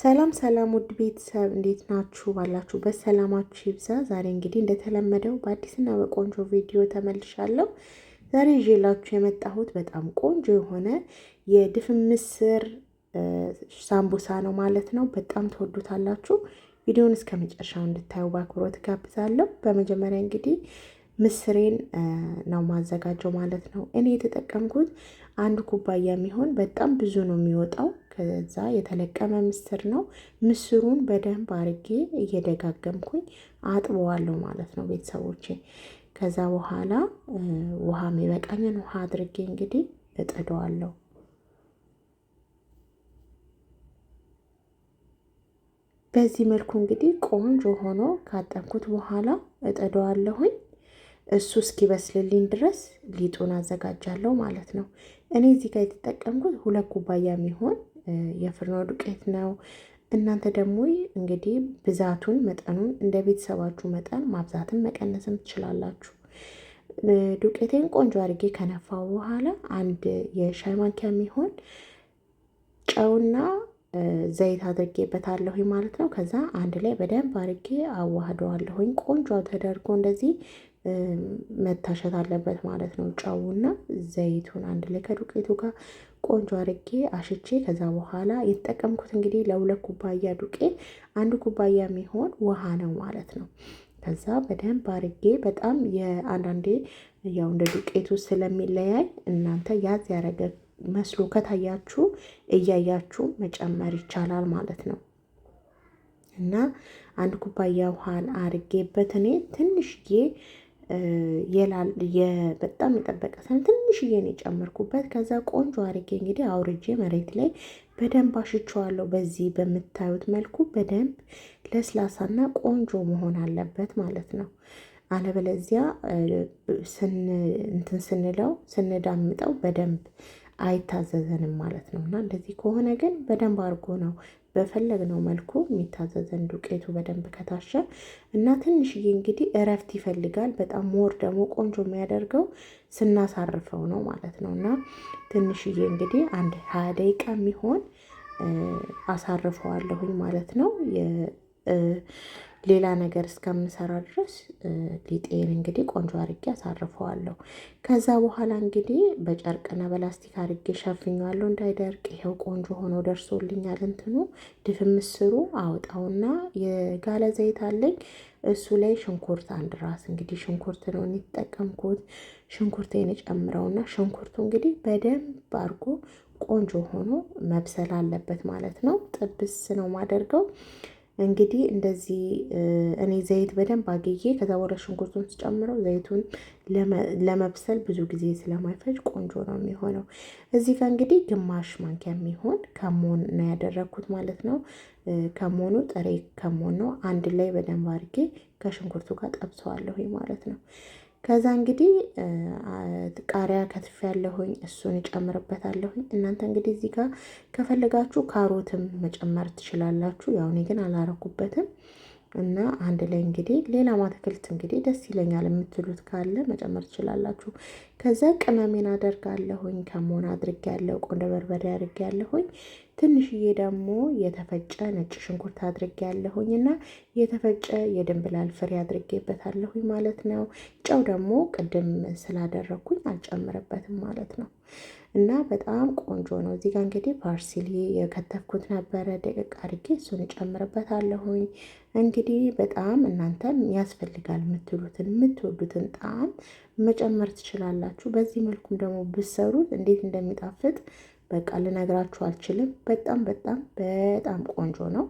ሰላም ሰላም ውድ ቤተሰብ እንዴት ናችሁ? ባላችሁበት ሰላማችሁ ይብዛ። ዛሬ እንግዲህ እንደተለመደው በአዲስና በቆንጆ ቪዲዮ ተመልሻለሁ። ዛሬ ይዤላችሁ የመጣሁት በጣም ቆንጆ የሆነ የድፍን ምስር ሳምቡሳ ነው ማለት ነው። በጣም ተወዱታላችሁ። ቪዲዮውን እስከ መጨረሻው እንድታዩ በአክብሮት ጋብዛለሁ። በመጀመሪያ እንግዲህ ምስሬን ነው ማዘጋጀው ማለት ነው። እኔ የተጠቀምኩት አንድ ኩባያ የሚሆን በጣም ብዙ ነው የሚወጣው። ከዛ የተለቀመ ምስር ነው። ምስሩን በደንብ አርጌ እየደጋገምኩኝ አጥበዋለሁ ማለት ነው ቤተሰቦቼ። ከዛ በኋላ ውሃ የሚበቃኝን ውሃ አድርጌ እንግዲህ እጥደዋለሁ። በዚህ መልኩ እንግዲህ ቆንጆ ሆኖ ካጠብኩት በኋላ እጠደዋለሁኝ። እሱ እስኪበስልልኝ ድረስ ሊጡን አዘጋጃለሁ ማለት ነው። እኔ እዚህ ጋር የተጠቀምኩት ሁለት ኩባያ የሚሆን የፍርኖ ዱቄት ነው። እናንተ ደግሞ እንግዲህ ብዛቱን መጠኑን እንደ ቤተሰባችሁ መጠን ማብዛትን መቀነስም ትችላላችሁ። ዱቄቴን ቆንጆ አድርጌ ከነፋው በኋላ አንድ የሻይ ማንኪያ የሚሆን ጨውና ዘይት አድርጌበታለሁ ማለት ነው። ከዛ አንድ ላይ በደንብ አድርጌ አዋህደዋለሁኝ። ቆንጆ ተደርጎ እንደዚህ መታሸት አለበት ማለት ነው። ጨውና ዘይቱን አንድ ላይ ከዱቄቱ ጋር ቆንጆ አርጌ አሽቼ ከዛ በኋላ የተጠቀምኩት እንግዲህ ለሁለት ኩባያ ዱቄት አንድ ኩባያ የሚሆን ውሃ ነው ማለት ነው። ከዛ በደንብ አርጌ በጣም የአንዳንዴ ያው እንደ ዱቄቱ ስለሚለያይ እናንተ ያዝ ያደረገ መስሎ ከታያችሁ እያያችሁ መጨመር ይቻላል ማለት ነው። እና አንድ ኩባያ ውሃን አርጌበት እኔ ትንሽዬ በጣም የጠበቀ ሰን ትንሽዬ ነው የጨመርኩበት። ከዛ ቆንጆ አርጌ እንግዲህ አውርጄ መሬት ላይ በደንብ አሽቸዋለሁ። በዚህ በምታዩት መልኩ በደንብ ለስላሳና ቆንጆ መሆን አለበት ማለት ነው። አለበለዚያ እንትን ስንለው ስንዳምጠው በደንብ አይታዘዘንም ማለት ነው። እና እንደዚህ ከሆነ ግን በደንብ አድርጎ ነው በፈለግነው መልኩ የሚታዘዘን ዱቄቱ በደንብ ከታሸ እና ትንሽዬ እንግዲህ እረፍት ይፈልጋል። በጣም ሞር ደግሞ ቆንጆ የሚያደርገው ስናሳርፈው ነው ማለት ነው። እና ትንሽዬ እንግዲህ አንድ ሀያ ደቂቃ የሚሆን አሳርፈዋለሁኝ ማለት ነው። ሌላ ነገር እስከምሰራ ድረስ ሊጤን እንግዲህ ቆንጆ አርጌ አሳርፈዋለሁ። ከዛ በኋላ እንግዲህ በጨርቅና በላስቲክ አርጌ ሸፍኘዋለሁ እንዳይደርቅ። ይኸው ቆንጆ ሆኖ ደርሶልኛል። እንትኑ ድፍ ምስሩ አውጣውና የጋለ ዘይት አለኝ እሱ ላይ ሽንኩርት አንድ ራስ እንግዲህ ሽንኩርት ነው የተጠቀምኩት። ሽንኩርቴን ጨምረውና ሽንኩርቱ እንግዲህ በደንብ አርጎ ቆንጆ ሆኖ መብሰል አለበት ማለት ነው። ጥብስ ነው ማደርገው እንግዲህ እንደዚህ እኔ ዘይት በደንብ አግዬ ከዛ በኋላ ሽንኩርቱን ስጨምረው ዘይቱን ለመብሰል ብዙ ጊዜ ስለማይፈጅ ቆንጆ ነው የሚሆነው። እዚህ ጋር እንግዲህ ግማሽ ማንኪያ የሚሆን ከሞን ነው ያደረግኩት ማለት ነው። ከሞኑ ጥሬ ከሞን ነው። አንድ ላይ በደንብ አድርጌ ከሽንኩርቱ ጋር ጠብሰዋለሁ ማለት ነው። ከዛ እንግዲህ ቃሪያ ከትፍ ያለሁኝ እሱን እጨምርበታለሁኝ። እናንተ እንግዲህ እዚህ ጋር ከፈለጋችሁ ካሮትም መጨመር ትችላላችሁ። ያው እኔ ግን አላረኩበትም እና አንድ ላይ እንግዲህ ሌላ አትክልት እንግዲህ ደስ ይለኛል የምትሉት ካለ መጨመር ትችላላችሁ። ከዛ ቅመሜን አደርጋለሁኝ። ከሞን አድርጌ ያለው ቆንደ በርበሬ አድርጌ ያለሁኝ ትንሽዬ ደግሞ የተፈጨ ነጭ ሽንኩርት አድርጌ ያለሁኝ እና የተፈጨ የድንብላል ፍሬ አድርጌበታለሁኝ ማለት ነው። ጨው ደግሞ ቅድም ስላደረግኩኝ አልጨምርበትም ማለት ነው። እና በጣም ቆንጆ ነው። እዚህ ጋር እንግዲህ ፓርሲሊ የከተፍኩት ነበረ ደቂቅ አድርጌ እሱን እጨምርበታለሁኝ። እንግዲህ በጣም እናንተም ያስፈልጋል የምትሉትን የምትወዱትን ጣዕም መጨመር ትችላላችሁ። በዚህ መልኩም ደግሞ ብሰሩት እንዴት እንደሚጣፍጥ በቃ ልነግራችሁ አልችልም። በጣም በጣም በጣም ቆንጆ ነው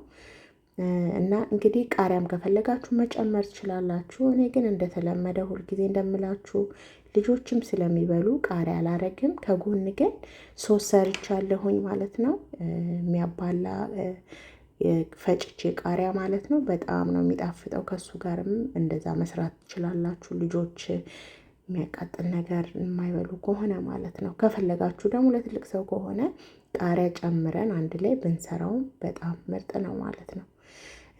እና እንግዲህ ቃሪያም ከፈለጋችሁ መጨመር ትችላላችሁ። እኔ ግን እንደተለመደ ሁልጊዜ እንደምላችሁ ልጆችም ስለሚበሉ ቃሪያ አላረግም። ከጎን ግን ሶስ ሰርቻለሁኝ ማለት ነው። የሚያባላ ፈጭቼ ቃሪያ ማለት ነው። በጣም ነው የሚጣፍጠው። ከሱ ጋርም እንደዛ መስራት ትችላላችሁ ልጆች የሚያቃጥል ነገር የማይበሉ ከሆነ ማለት ነው። ከፈለጋችሁ ደግሞ ለትልቅ ሰው ከሆነ ቃሪያ ጨምረን አንድ ላይ ብንሰራውም በጣም ምርጥ ነው ማለት ነው።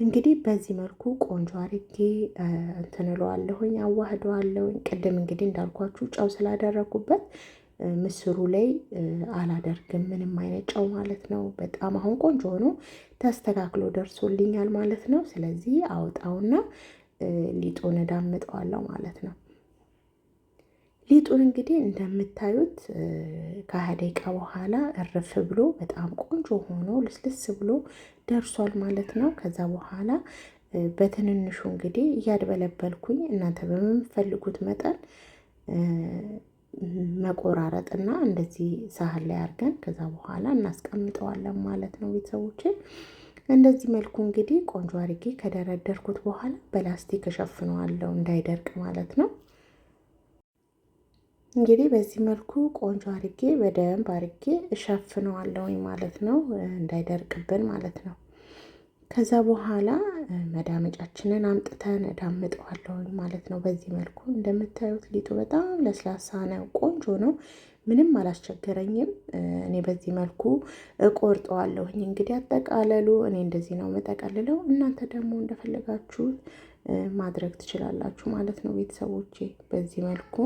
እንግዲህ በዚህ መልኩ ቆንጆ አርጌ እንትን እለዋለሁኝ አዋህደዋለሁኝ። ቅድም እንግዲህ እንዳልኳችሁ ጨው ስላደረኩበት ምስሩ ላይ አላደርግም ምንም አይነት ጨው ማለት ነው። በጣም አሁን ቆንጆ ሆኖ ተስተካክሎ ደርሶልኛል ማለት ነው። ስለዚህ አውጣውና ሊጡን እዳምጠዋለሁ ማለት ነው። ሊጡን እንግዲህ እንደምታዩት ከሀያ ደቂቃ በኋላ እርፍ ብሎ በጣም ቆንጆ ሆኖ ልስልስ ብሎ ደርሷል ማለት ነው። ከዛ በኋላ በትንንሹ እንግዲህ እያድበለበልኩኝ እናንተ በምንፈልጉት መጠን መቆራረጥና እንደዚህ ሳህን ላይ አድርገን ከዛ በኋላ እናስቀምጠዋለን ማለት ነው ቤተሰቦችን እንደዚህ መልኩ እንግዲህ ቆንጆ አድርጌ ከደረደርኩት በኋላ በላስቲክ እሸፍነዋለሁ እንዳይደርቅ ማለት ነው። እንግዲህ በዚህ መልኩ ቆንጆ አርጌ በደንብ አርጌ እሸፍነዋለሁኝ ማለት ነው፣ እንዳይደርቅብን ማለት ነው። ከዛ በኋላ መዳመጫችንን አምጥተን እዳምጠዋለሁኝ ማለት ነው። በዚህ መልኩ እንደምታዩት ሊጡ በጣም ለስላሳ ነው፣ ቆንጆ ነው። ምንም አላስቸገረኝም። እኔ በዚህ መልኩ እቆርጠዋለሁኝ። እንግዲህ አጠቃለሉ እኔ እንደዚህ ነው የምጠቀልለው። እናንተ ደግሞ እንደፈለጋችሁ ማድረግ ትችላላችሁ ማለት ነው ቤተሰቦቼ በዚህ መልኩ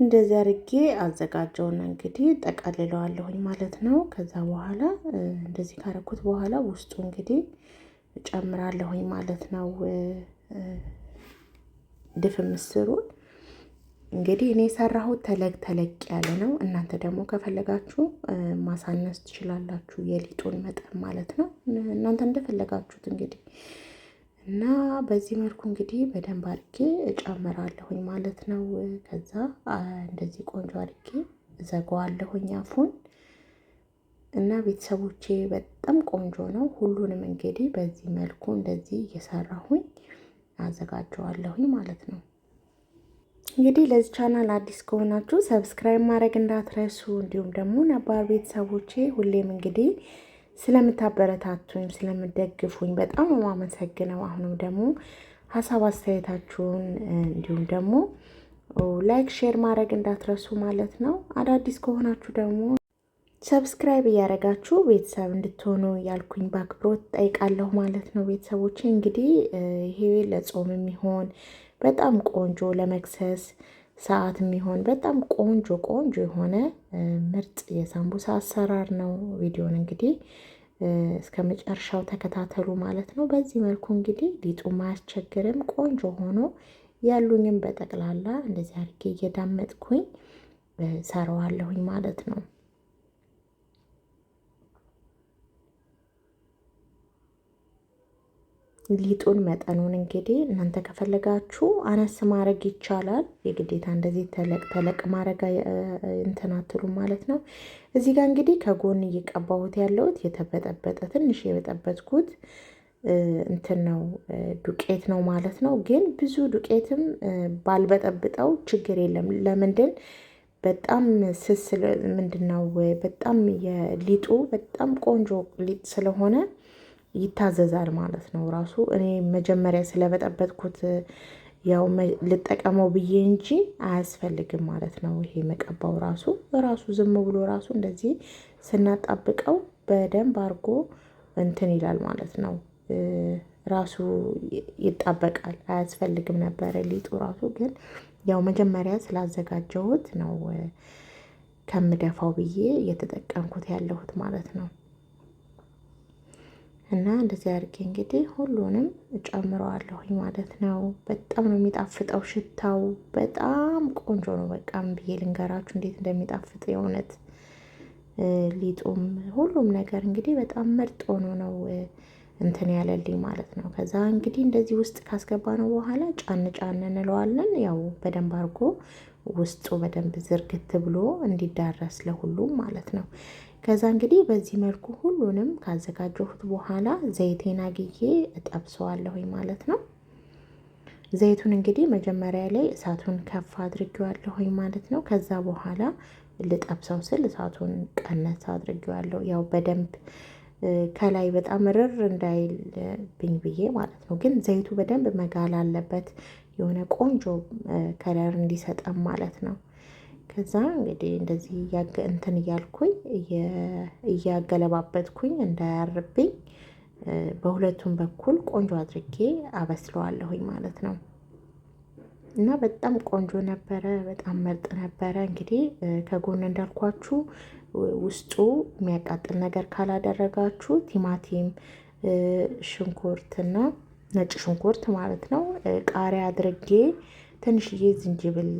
እንደዚህ አድርጌ አዘጋጀውና እንግዲህ ጠቀልለዋለሁኝ ማለት ነው። ከዛ በኋላ እንደዚህ ካረኩት በኋላ ውስጡ እንግዲህ ጨምራለሁኝ ማለት ነው። ድፍ ምስሩን እንግዲህ እኔ የሰራሁት ተለቅ ተለቅ ያለ ነው። እናንተ ደግሞ ከፈለጋችሁ ማሳነስ ትችላላችሁ፣ የሊጡን መጠን ማለት ነው። እናንተ እንደፈለጋችሁት እንግዲህ እና በዚህ መልኩ እንግዲህ በደንብ አድርጌ እጨምራለሁኝ ማለት ነው። ከዛ እንደዚህ ቆንጆ አድርጌ ዘጋዋለሁኝ አፉን እና ቤተሰቦቼ በጣም ቆንጆ ነው። ሁሉንም እንግዲህ በዚህ መልኩ እንደዚህ እየሰራሁኝ አዘጋጀዋለሁኝ ማለት ነው። እንግዲህ ለዚህ ቻናል አዲስ ከሆናችሁ ሰብስክራይብ ማድረግ እንዳትረሱ፣ እንዲሁም ደግሞ ነባር ቤተሰቦቼ ሁሌም እንግዲህ ስለምታበረታቱኝ ስለምደግፉኝ በጣም የማመሰግነው። አሁንም ደግሞ ሀሳብ አስተያየታችሁን እንዲሁም ደግሞ ላይክ ሼር ማድረግ እንዳትረሱ ማለት ነው። አዳዲስ ከሆናችሁ ደግሞ ሰብስክራይብ እያደረጋችሁ ቤተሰብ እንድትሆኑ ያልኩኝ በአክብሮት ጠይቃለሁ ማለት ነው። ቤተሰቦች እንግዲህ ይሄ ለጾም የሚሆን በጣም ቆንጆ ለመክሰስ ሰዓት የሚሆን በጣም ቆንጆ ቆንጆ የሆነ ምርጥ የሳምቡሳ አሰራር ነው። ቪዲዮን እንግዲህ እስከ መጨረሻው ተከታተሉ ማለት ነው። በዚህ መልኩ እንግዲህ ሊጡ ማያስቸግርም ቆንጆ ሆኖ ያሉኝም በጠቅላላ እንደዚህ አድርጌ እየዳመጥኩኝ ሰራዋለሁኝ ማለት ነው። ሊጡን መጠኑን እንግዲህ እናንተ ከፈለጋችሁ አነስ ማድረግ ይቻላል። የግዴታ እንደዚህ ተለቅ ተለቅ ማድረግ እንትናትሉ ማለት ነው። እዚህ ጋር እንግዲህ ከጎን እየቀባሁት ያለሁት የተበጠበጠ ትንሽ የበጠበጥኩት እንትን ነው ዱቄት ነው ማለት ነው። ግን ብዙ ዱቄትም ባልበጠብጠው ችግር የለም። ለምንድን በጣም ስስ ምንድን ነው በጣም የሊጡ በጣም ቆንጆ ሊጥ ስለሆነ ይታዘዛል ማለት ነው። ራሱ እኔ መጀመሪያ ስለበጠበጥኩት ያው ልጠቀመው ብዬ እንጂ አያስፈልግም ማለት ነው። ይሄ መቀባው ራሱ ራሱ ዝም ብሎ ራሱ እንደዚህ ስናጣብቀው በደንብ አድርጎ እንትን ይላል ማለት ነው። ራሱ ይጣበቃል፣ አያስፈልግም ነበረ ሊጡ ራሱ። ግን ያው መጀመሪያ ስላዘጋጀሁት ነው ከምደፋው ብዬ እየተጠቀምኩት ያለሁት ማለት ነው። እና እንደዚህ አድርጌ እንግዲህ ሁሉንም ጨምረዋለሁኝ ማለት ነው። በጣም ነው የሚጣፍጠው። ሽታው በጣም ቆንጆ ነው። በቃም ብዬ ልንገራችሁ እንዴት እንደሚጣፍጥ የእውነት ሊጡም ሁሉም ነገር እንግዲህ በጣም ምርጥ ሆኖ ነው እንትን ያለልኝ ማለት ነው። ከዛ እንግዲህ እንደዚህ ውስጥ ካስገባ ነው በኋላ ጫን ጫን እንለዋለን። ያው በደንብ አድርጎ ውስጡ በደንብ ዝርግት ብሎ እንዲዳረስ ለሁሉም ማለት ነው። ከዛ እንግዲህ በዚህ መልኩ ሁሉንም ካዘጋጀሁት በኋላ ዘይቴን አግዬ እጠብሰዋለሁኝ ማለት ነው። ዘይቱን እንግዲህ መጀመሪያ ላይ እሳቱን ከፍ አድርጌዋለሁኝ ማለት ነው። ከዛ በኋላ ልጠብሰው ስል እሳቱን ቀነስ አድርጌዋለሁ። ያው በደንብ ከላይ በጣም ርር እንዳይልብኝ ብዬ ማለት ነው። ግን ዘይቱ በደንብ መጋል አለበት የሆነ ቆንጆ ከለር እንዲሰጠም ማለት ነው። ከዛ እንግዲህ እንደዚህ እንትን እያልኩኝ እያገለባበትኩኝ እንዳያርብኝ በሁለቱም በኩል ቆንጆ አድርጌ አበስለዋለሁኝ ማለት ነው። እና በጣም ቆንጆ ነበረ። በጣም ምርጥ ነበረ። እንግዲህ ከጎን እንዳልኳችሁ ውስጡ የሚያቃጥል ነገር ካላደረጋችሁ ቲማቲም፣ ሽንኩርትና ነጭ ሽንኩርት ማለት ነው ቃሪያ አድርጌ ትንሽዬ ዝንጅብል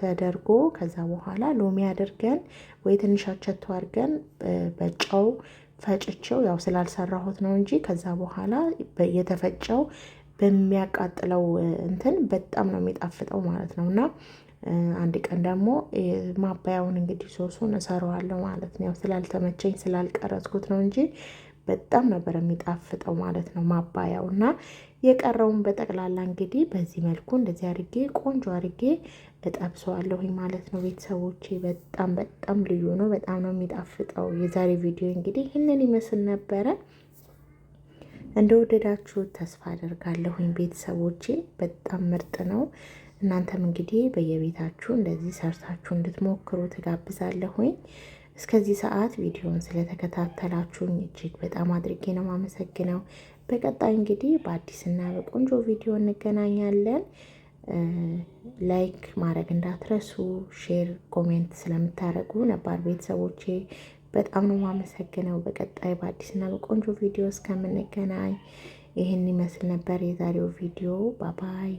ተደርጎ ከዛ በኋላ ሎሚ አድርገን ወይ ትንሽ አቸቶ አድርገን በጨው ፈጭቸው ያው ስላልሰራሁት ነው እንጂ ከዛ በኋላ የተፈጨው በሚያቃጥለው እንትን በጣም ነው የሚጣፍጠው ማለት ነው እና አንድ ቀን ደግሞ ማባያውን እንግዲህ ሶሱን እሰራዋለሁ ማለት ነው። ያው ስላልተመቸኝ ስላልቀረጽኩት ነው እንጂ በጣም ነበር የሚጣፍጠው ማለት ነው ማባያው እና የቀረውን በጠቅላላ እንግዲህ በዚህ መልኩ እንደዚህ አድርጌ ቆንጆ አድርጌ እጠብሰዋለሁ ማለት ነው። ቤተሰቦቼ በጣም በጣም ልዩ ነው። በጣም ነው የሚጣፍጠው። የዛሬ ቪዲዮ እንግዲህ ይህንን ይመስል ነበረ። እንደወደዳችሁ ተስፋ አደርጋለሁኝ ቤተሰቦቼ። በጣም ምርጥ ነው። እናንተም እንግዲህ በየቤታችሁ እንደዚህ ሰርታችሁ እንድትሞክሩ ትጋብዛለሁኝ። እስከዚህ ሰዓት ቪዲዮን ስለተከታተላችሁኝ እጅግ በጣም አድርጌ ነው የማመሰግነው። በቀጣይ እንግዲህ በአዲስና በቆንጆ ቪዲዮ እንገናኛለን። ላይክ ማድረግ እንዳትረሱ፣ ሼር፣ ኮሜንት ስለምታደርጉ ነባር ቤተሰቦቼ በጣም ነው የማመሰግነው። በቀጣይ በአዲስና በቆንጆ ቪዲዮ እስከምንገናኝ ይህን ይመስል ነበር የዛሬው ቪዲዮ። ባባይ